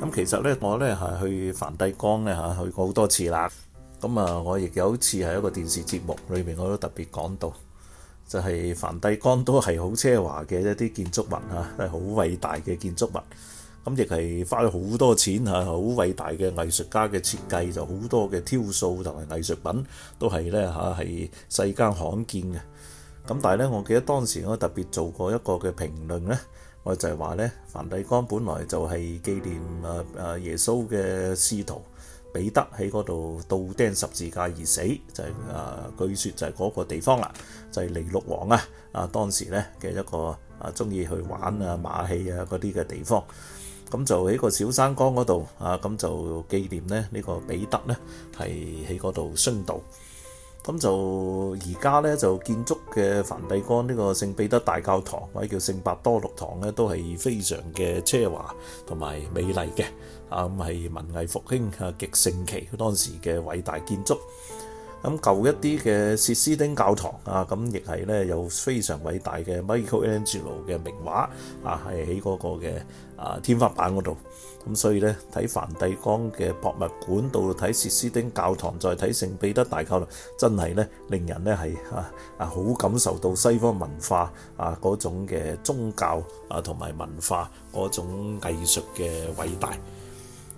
咁其實咧，我咧係去梵蒂岡咧嚇，去過好多次啦。咁啊，我亦有一次係一個電視節目裏面，我都特別講到，就係梵蒂岡都係好奢華嘅一啲建築物嚇，係好偉大嘅建築物。咁亦係花咗好多錢嚇，好、啊、偉大嘅藝術家嘅設計，就好多嘅雕塑同埋藝術品都，都係咧嚇係世間罕見嘅。咁但係咧，我記得當時我特別做過一個嘅評論咧，我就係話咧，梵蒂岡本來就係紀念啊啊耶穌嘅使徒彼得喺嗰度倒釘十字架而死，就係啊據說就係嗰個地方啦，就係尼祿王啊啊當時咧嘅一個啊鍾意去玩啊馬戲啊嗰啲嘅地方，咁就喺個小山崗嗰度啊咁就紀念咧呢個彼得咧係喺嗰度殉道。咁就而家咧就建築嘅梵蒂岡呢個聖彼得大教堂或者叫聖伯多祿堂咧，都係非常嘅奢華同埋美麗嘅，啊咁係文藝復興啊極盛期當時嘅偉大建築。咁舊一啲嘅薛斯丁教堂啊，咁亦係咧有非常偉大嘅 Michelangelo 嘅名畫啊，係喺嗰個嘅啊天花板嗰度。咁所以咧，睇梵蒂岡嘅博物館，到睇薛斯丁教堂，再睇聖彼得大教堂，真係咧令人咧係啊啊好感受到西方文化啊嗰種嘅宗教啊同埋文化嗰種藝術嘅偉大。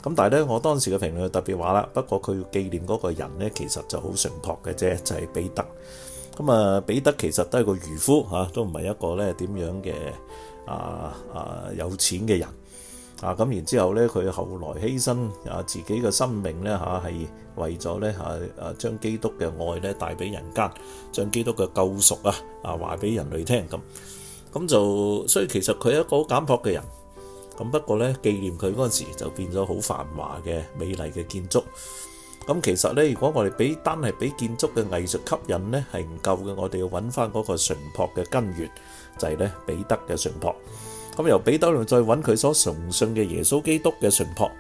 咁但係咧，我當時嘅評論特別話啦，不過佢要紀念嗰個人咧，其實就好淳樸嘅啫，就係彼得。咁啊，彼得其實都係個漁夫吓，都唔係一個咧點樣嘅啊啊有錢嘅人。啊，咁然之後咧，佢後來犧牲啊自己嘅生命咧，嚇係為咗咧嚇啊將基督嘅愛咧帶俾人間，將基督嘅救贖啊啊話俾人類聽咁，咁就所以其實佢係一個好簡樸嘅人，咁不過咧紀念佢嗰陣時就變咗好繁華嘅美麗嘅建築，咁其實咧如果我哋俾單係俾建築嘅藝術吸引咧係唔夠嘅，我哋要揾翻嗰個純樸嘅根源，就係咧彼得嘅純樸。咁由彼得量再揾佢所崇信嘅耶穌基督嘅純樸，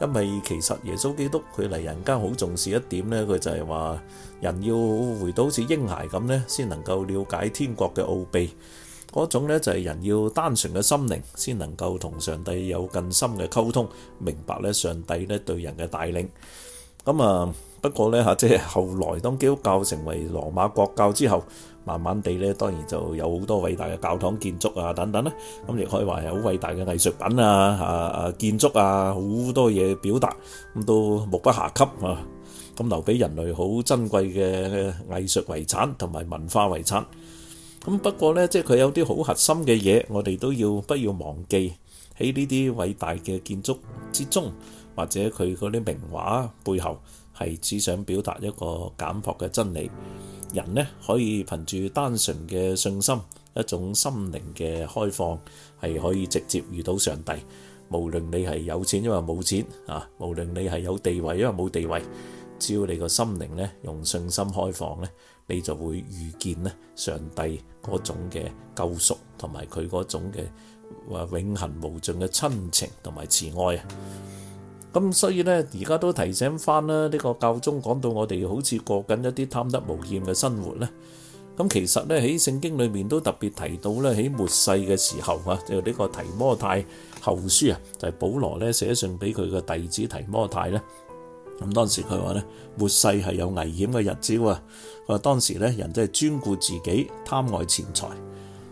因為其實耶穌基督佢嚟人間好重視一點呢，佢就係話人要回到好似嬰孩咁呢，先能夠了解天國嘅奧秘。嗰種呢，就係人要單純嘅心靈，先能夠同上帝有更深嘅溝通，明白呢上帝呢對人嘅帶領。咁、嗯、啊～不過呢即係後來當基督教成為羅馬國教之後，慢慢地呢當然就有好多偉大嘅教堂建築啊等等啦，啊。咁亦可以話係好偉大嘅藝術品啊，啊，建築啊，好多嘢表達，咁都目不暇給啊。咁留俾人類好珍貴嘅藝術遺產同埋文化遺產。咁不過呢，即係佢有啲好核心嘅嘢，我哋都要不要忘記喺呢啲偉大嘅建築之中。或者佢嗰啲名畫背後，係只想表達一個簡朴嘅真理。人呢可以憑住單純嘅信心，一種心靈嘅開放，係可以直接遇到上帝。無論你係有錢，因為冇錢啊；無論你係有地位，因為冇地位。只要你個心靈呢用信心開放呢，你就會遇見呢上帝嗰種嘅救贖同埋佢嗰種嘅、啊、永恒無盡嘅親情同埋慈愛啊！咁所以咧，而家都提醒翻啦。呢個教宗講到，我哋好似過緊一啲貪得無厭嘅生活咧。咁其實咧，喺聖經裏面都特別提到咧，喺末世嘅時候啊，就呢個提摩太後書啊，就係保羅咧寫信俾佢嘅弟子提摩太咧。咁當時佢話咧，末世係有危險嘅日子喎。佢話當時咧，人真係專顧自己，貪愛錢財。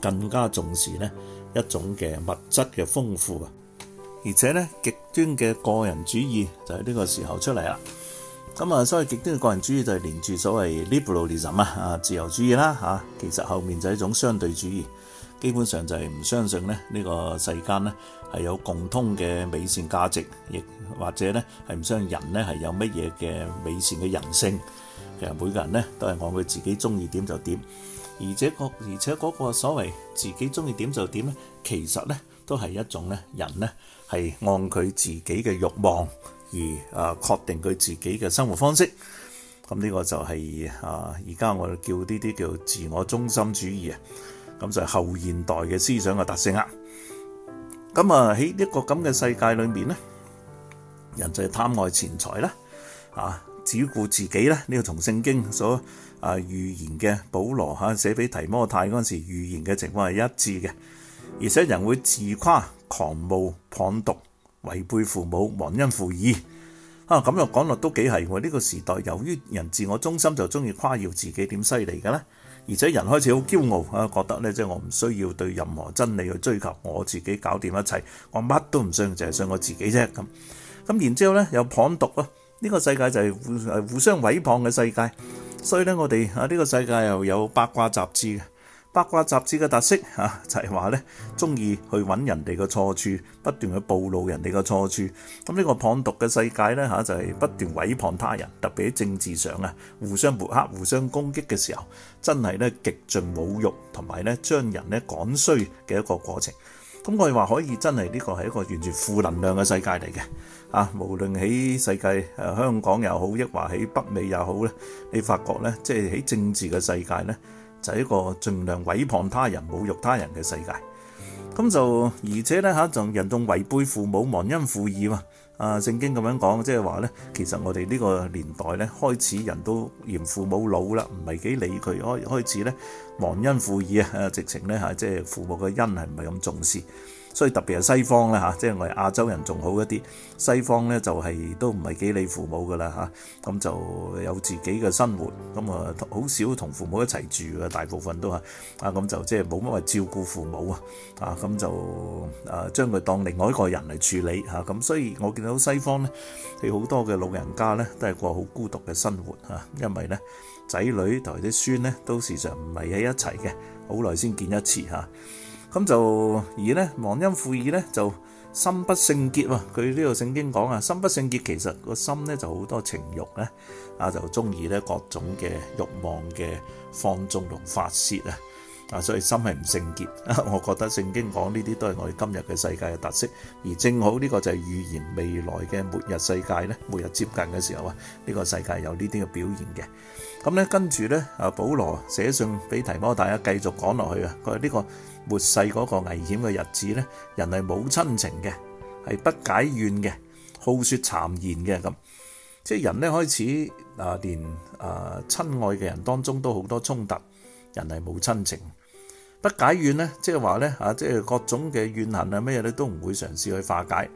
更加重視咧一種嘅物質嘅豐富啊，而且咧極端嘅個人主義就喺呢個時候出嚟啦。咁啊，所謂極端嘅個人主義就係連住所謂 liberalism 啊，自由主義啦吓。其實後面就係一種相對主義，基本上就係唔相信咧呢個世間咧係有共通嘅美善價值，亦或者咧係唔相信人咧係有乜嘢嘅美善嘅人性。其實每個人咧都係按佢自己中意點就點。而且個，而且嗰個所謂自己中意點就點咧，其實咧都係一種咧，人咧係按佢自己嘅欲望而啊確定佢自己嘅生活方式。咁呢個就係、是、啊而家我哋叫呢啲叫做自我中心主義啊。咁就係後現代嘅思想嘅特性啊。咁啊喺一個咁嘅世界裏面咧，人就係貪愛錢財啦，啊只顧自己啦。呢、呢個同聖經所啊！預言嘅保羅寫俾提摩太嗰陣時，預言嘅情況係一致嘅。而且人會自誇、狂傲、謗讟、違背父母、忘恩負義啊！咁又講落都幾係喎。呢個時代由於人自我中心，就中意誇耀自己點犀利㗎啦。而且人開始好驕傲啊，覺得咧即係我唔需要對任何真理去追求，我自己搞掂一切，我乜都唔信，淨係信我自己啫咁。咁然之後咧又謗讟啊！呢個世界就係互互相毀謗嘅世界。所以咧，我哋啊呢個世界又有八卦雜誌嘅。八卦雜誌嘅特色就係話呢，中意去揾人哋嘅錯處，不斷去暴露人哋嘅錯處。咁、這、呢個貪毒嘅世界呢，就係不斷毀謗他人，特別喺政治上啊，互相抹黑、互相攻擊嘅時候，真係呢極盡侮辱，同埋呢將人呢趕衰嘅一個過程。咁我哋話可以真係呢個係一個完全負能量嘅世界嚟嘅。啊，無論喺世界、啊、香港又好，抑或喺北美又好咧，你發覺咧，即係喺政治嘅世界咧，就係、是、一個盡量毀謗他人、侮辱他人嘅世界。咁、嗯、就、嗯、而且咧嚇，仲、啊、人仲違背父母、忘恩負義嘛？啊，聖經咁樣講，即係話咧，其實我哋呢個年代咧，開始人都嫌父母老啦，唔係幾理佢，開始咧忘恩負義啊，直情咧、啊、即係父母嘅恩係唔係咁重視。所以特別係西方啦，嚇，即係我哋亞洲人仲好一啲，西方咧就係、是、都唔係幾理父母噶啦，嚇，咁就有自己嘅生活，咁啊好少同父母一齊住嘅，大部分都係啊咁就即係冇乜話照顧父母啊，啊咁就啊將佢當另外一個人嚟處理咁、啊、所以我見到西方咧，佢好多嘅老人家咧都係過好孤獨嘅生活、啊、因為咧仔女同埋啲孫咧都時常唔係喺一齊嘅，好耐先見一次、啊咁就而咧，忘恩負義咧，就心不聖潔喎。佢呢個聖經講啊，心不聖潔其實個心咧就好多情慾咧，啊就中意咧各種嘅慾望嘅放縱同發泄啊，啊所以心係唔聖潔。我覺得聖經講呢啲都係我哋今日嘅世界嘅特色，而正好呢個就係預言未來嘅末日世界咧，末日接近嘅時候啊，呢個世界有呢啲嘅表現嘅。咁咧跟住咧啊，保羅寫信俾提摩太啊，繼續講落去啊，佢話呢個。末世嗰個危險嘅日子咧，人係冇親情嘅，係不解怨嘅，好說讒言嘅，咁，即係人咧開始啊，連啊親愛嘅人當中都好多衝突，人係冇親情。不解怨咧，即係話咧，啊，即係各種嘅怨恨啊，咩嘢咧都唔會嘗試去化解，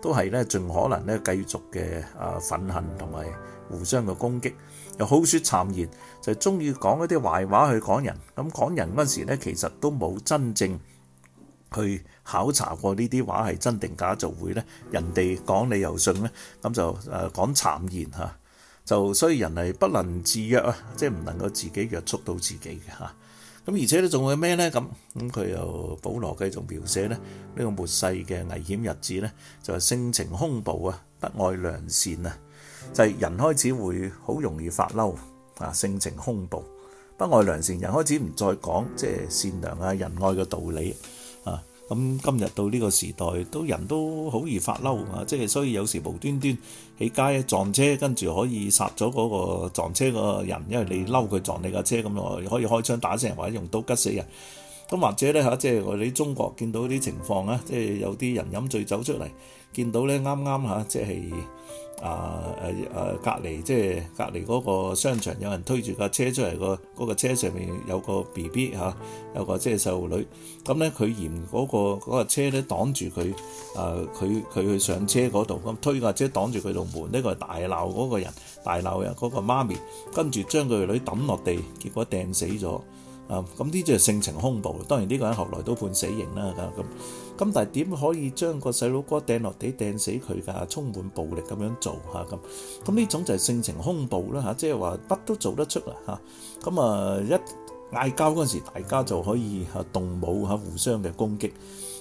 都係咧盡可能咧繼續嘅啊憤恨同埋互相嘅攻擊，又好說讒言，就中意講一啲壞話去講人。咁講人嗰時咧，其實都冇真正去考察過呢啲話係真定假，就會咧人哋講你又信咧，咁就誒講讒言吓，就所以人係不能自約啊，即係唔能夠自己約束到自己嘅吓。咁而且咧仲會咩咧？咁咁佢又保羅繼續描寫咧呢個末世嘅危險日子咧，就係性情兇暴啊，不愛良善啊，就係人開始會好容易發嬲啊，性情兇暴，不愛良善，人開始唔再講即係善良啊、仁愛嘅道理。咁今日到呢個時代，都人都好易發嬲啊！即係所以有時無端端喺街撞車，跟住可以殺咗嗰個撞車個人，因為你嬲佢撞你架車咁咯，可以開槍打死人或者用刀吉死人。咁或者咧即係我哋中國見到啲情況啊，即、就、係、是、有啲人飲醉走出嚟，見到咧啱啱吓，即係啊誒隔離，即、就、係、是、隔離嗰個商場有人推住架車出嚟，個、那、嗰個車上面有個 B B、啊、有個即係細路女，咁咧佢嫌嗰、那個嗰車咧擋住佢，誒佢佢去上車嗰度，咁推架車擋住佢度、呃、門，呢、這個大鬧嗰個人，大鬧啊嗰個媽咪，跟住將佢女抌落地，結果掟死咗。啊，咁呢啲就性情兇暴。當然呢個人後來都判死刑啦。咁、啊、咁、啊，但係點可以將個細佬哥掟落地掟死佢㗎、啊？充滿暴力咁樣做嚇咁。咁、啊、呢、啊啊、種就係性情兇暴啦嚇，即係話乜都做得出啦嚇。咁啊，啊一嗌交嗰陣時，大家就可以嚇動武、啊、互相嘅攻擊。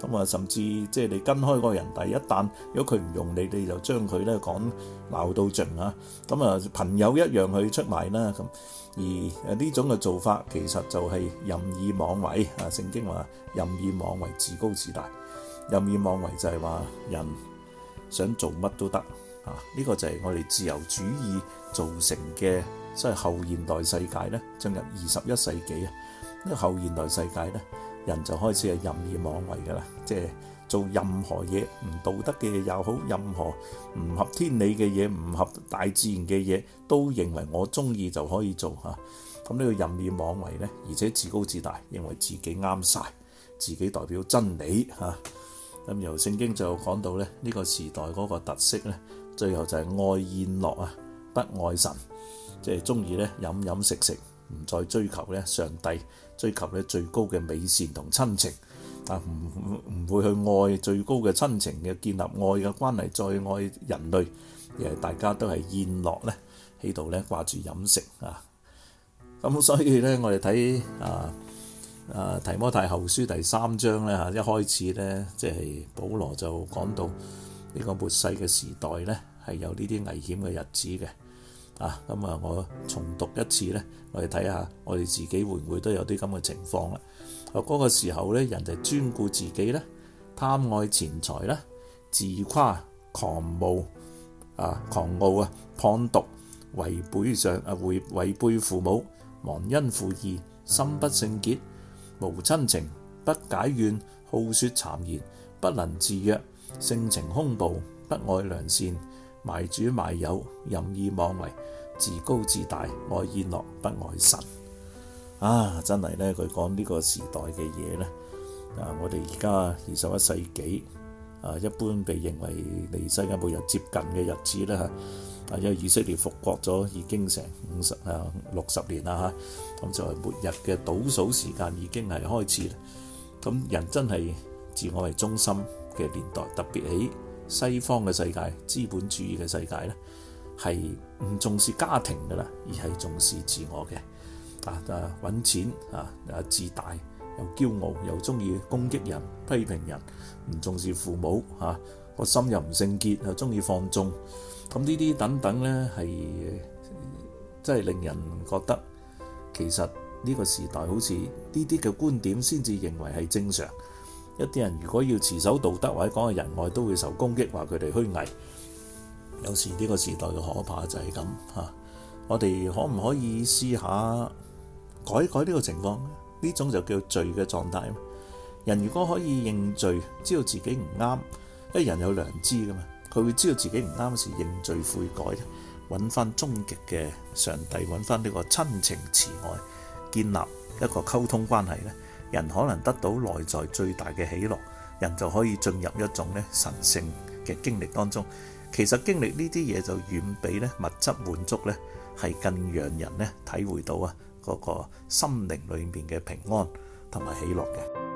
咁啊，甚至即係你跟開嗰個人，第一旦如果佢唔用你，你就將佢咧講鬧到盡啊！咁啊，朋友一樣去出賣啦咁。而啊，呢種嘅做法其實就係任意妄為啊！聖經話任意妄為，自高自大，任意妄為就係話人想做乜都得啊！呢個就係我哋自由主義造成嘅，即係後現代世界咧，進入二十一世紀啊！後現代世界咧。人就開始係任意妄為嘅啦，即、就、係、是、做任何嘢唔道德嘅嘢又好，任何唔合天理嘅嘢、唔合大自然嘅嘢，都認為我中意就可以做嚇。咁、啊、呢個任意妄為呢，而且自高自大，認為自己啱晒，自己代表真理嚇。咁、啊、由聖經就講到咧，呢、這個時代嗰個特色呢，最後就係愛宴樂啊，不愛神，即係中意咧飲飲食食，唔再追求咧上帝。追求咧最高嘅美善同親情，但唔唔會去愛最高嘅親情嘅建立愛嘅關係，再愛人類，而大家都係宴樂咧喺度咧掛住飲食啊！咁所以咧，我哋睇啊啊提摩太後書第三章咧嚇，一開始咧即係保羅就講到呢個末世嘅時代咧係有呢啲危險嘅日子嘅。啊，咁、嗯、啊，我重讀一次咧，我哋睇下我哋自己會唔會都有啲咁嘅情況啦。啊，嗰個時候咧，人就專顧自己啦，貪愛錢財啦，自誇狂傲啊，狂傲啊，謗讟，違背上啊違背父母，忘恩負義，心不聖潔，無親情，不解怨，好說讒言，不能自約，性情兇暴，不愛良善。賣主賣友，任意妄為，自高自大，愛宴樂不愛神。啊，真係咧，佢講呢個時代嘅嘢咧。啊，我哋而家二十一世紀，啊，一般被認為離世界末日接近嘅日子啦吓。啊，因為以色列復國咗已經成五十啊六十年啦吓，咁、啊、就係末日嘅倒數時間已經係開始。咁人真係自我為中心嘅年代特別起。西方嘅世界，資本主義嘅世界咧，係唔重視家庭噶啦，而係重視自我嘅。啊啊，揾錢啊啊，自大又驕傲，又中意攻擊人、批評人，唔重視父母嚇，個、啊、心又唔聖潔，又中意放縱。咁呢啲等等咧，係真係令人覺得，其實呢個時代好似呢啲嘅觀點先至認為係正常。一啲人如果要持守道德或者講個仁愛都會受攻擊，話佢哋虛偽。有時呢個時代嘅可怕就係咁吓。我哋可唔可以試下改改呢個情況？呢種就叫罪嘅狀態。人如果可以認罪，知道自己唔啱，因為人有良知噶嘛，佢會知道自己唔啱時認罪悔改，揾翻終極嘅上帝，揾翻呢個親情慈愛建立一個溝通關係呢，人可能得到內在最大嘅喜樂，人就可以進入一種咧神性嘅經歷當中。其實經歷呢啲嘢就遠比咧物質滿足咧係更讓人咧體會到啊嗰個心靈裏面嘅平安同埋喜樂嘅。